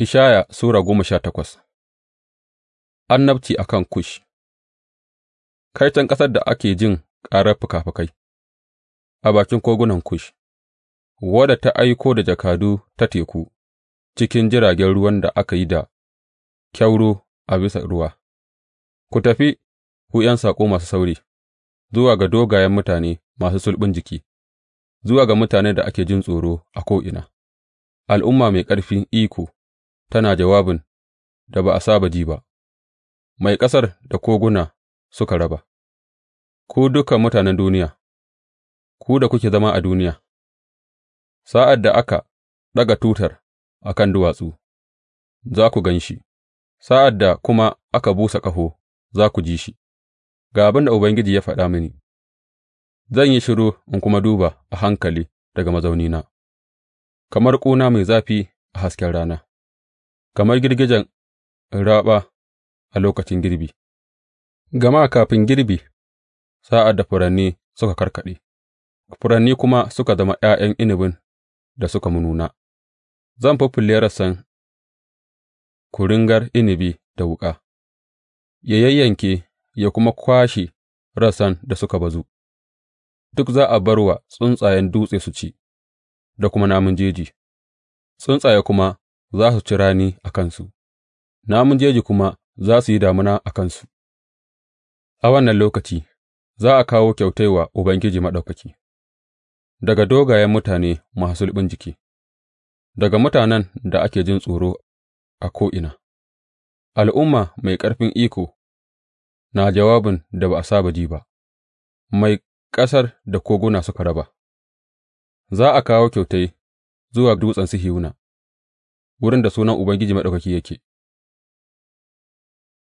Ishaya Sura goma sha takwas Annabci a kan Kush Kaiton ƙasar da ake jin ƙarar fikafikai a bakin kogunan Kush, wadda ta aiko da jakadu ta teku cikin jiragen ruwan da aka yi da kyauro a bisa ruwa, ku tafi, ku ’yan saƙo masu sauri, zuwa ga dogayen mutane masu sulɓin jiki, zuwa ga mutane da ake jin tsoro a ko'ina, al'umma mai ƙarfin iko. tana jawabin da ba a saba ji ba, mai ƙasar da koguna suka raba, ku dukan mutanen duniya, ku da kuke zama a duniya, sa'ad da aka ɗaga tutar a kan duwatsu, za ku gan shi, sa'ad da kuma aka busa ƙaho, za ku ji shi, ga abin da Ubangiji ya faɗa mini, zan yi shiru in kuma duba a hankali daga mazaunina, kamar ƙuna mai zafi a hasken rana. kamar girgijen raɓa a lokacin girbi, gama kafin girbi, sa'ad da furanni suka karkaɗe, furanni kuma suka zama ’ya'yan inabin da suka mununa. zan faffalle rassan kuringar inabi da wuƙa, ya yayyanke ya kuma kwashe rassan da suka bazu, duk za a bar wa tsuntsayen dutse su ci, da kuma namun jeji, tsuntsaye kuma za su ci rani a kansu, namun jeji kuma za su yi damuna a kansu. A wannan lokaci za a kawo kyautai wa Ubangiji Maɗaukaki, daga dogayen mutane masu sulɓin jiki, daga mutanen da ake jin tsoro a ko'ina, al'umma mai ƙarfin iko na jawabin da ba a saba ji ba, mai ƙasar da koguna suka raba. Za a kawo kyautai zuwa Dutsen Sihiyuna. wurin da Sunan Ubangiji Maɗaukaki yake.